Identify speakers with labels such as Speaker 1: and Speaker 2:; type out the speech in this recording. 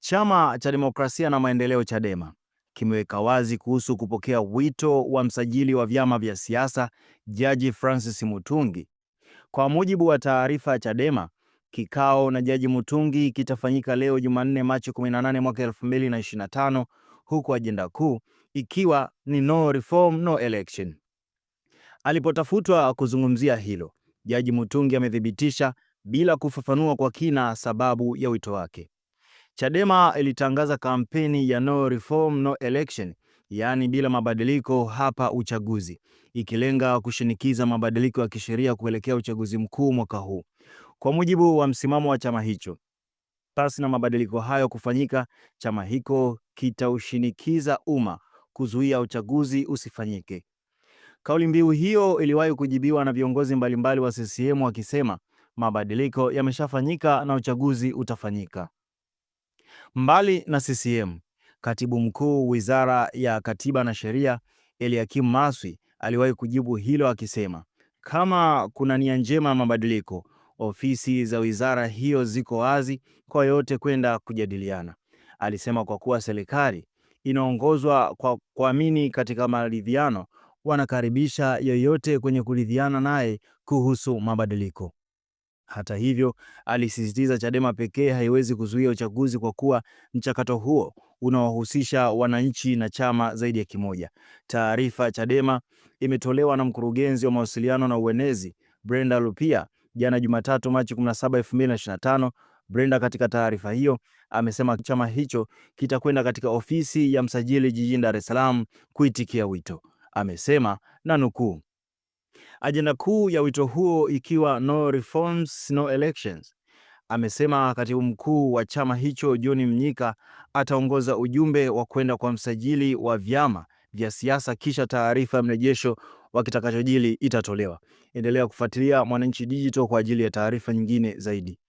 Speaker 1: Chama cha Demokrasia na Maendeleo Chadema kimeweka wazi kuhusu kupokea wito wa msajili wa vyama vya siasa Jaji Francis Mutungi. Kwa mujibu wa taarifa ya Chadema, kikao na Jaji Mutungi kitafanyika leo Jumanne Machi 18 mwaka 2025, huku ajenda kuu ikiwa ni no reform, no election. Alipotafutwa kuzungumzia hilo, Jaji Mutungi amethibitisha bila kufafanua kwa kina sababu ya wito wake. Chadema ilitangaza kampeni ya no reform no election, yaani bila mabadiliko hapa uchaguzi, ikilenga kushinikiza mabadiliko ya kisheria kuelekea uchaguzi mkuu mwaka huu. Kwa mujibu wa msimamo wa chama hicho, pasi na mabadiliko hayo kufanyika, chama hicho kitaushinikiza umma kuzuia uchaguzi usifanyike. Kauli mbiu hiyo iliwahi kujibiwa na viongozi mbalimbali wa CCM wakisema mabadiliko yameshafanyika na uchaguzi utafanyika. Mbali na CCM, katibu mkuu wizara ya katiba na sheria Eliakim Maswi aliwahi kujibu hilo akisema, kama kuna nia njema ya mabadiliko, ofisi za wizara hiyo ziko wazi kwa yote kwenda kujadiliana. Alisema kwa kuwa serikali inaongozwa kwa kuamini katika maridhiano, wanakaribisha yoyote kwenye kuridhiana naye kuhusu mabadiliko. Hata hivyo, alisisitiza Chadema pekee haiwezi kuzuia uchaguzi kwa kuwa mchakato huo unawahusisha wananchi na chama zaidi ya kimoja. Taarifa Chadema imetolewa na mkurugenzi wa mawasiliano na uenezi Brenda Lupia jana Jumatatu Machi 17, 2025. Brenda katika taarifa hiyo amesema chama hicho kitakwenda katika ofisi ya msajili jijini Dar es Salaam kuitikia wito. Amesema na nukuu, ajenda kuu ya wito huo ikiwa no reforms, no elections. Amesema katibu mkuu wa chama hicho John Mnyika ataongoza ujumbe wa kwenda kwa msajili wa vyama vya siasa, kisha taarifa ya mrejesho wa kitakachojili itatolewa. Endelea kufuatilia Mwananchi Digital kwa ajili ya taarifa nyingine zaidi.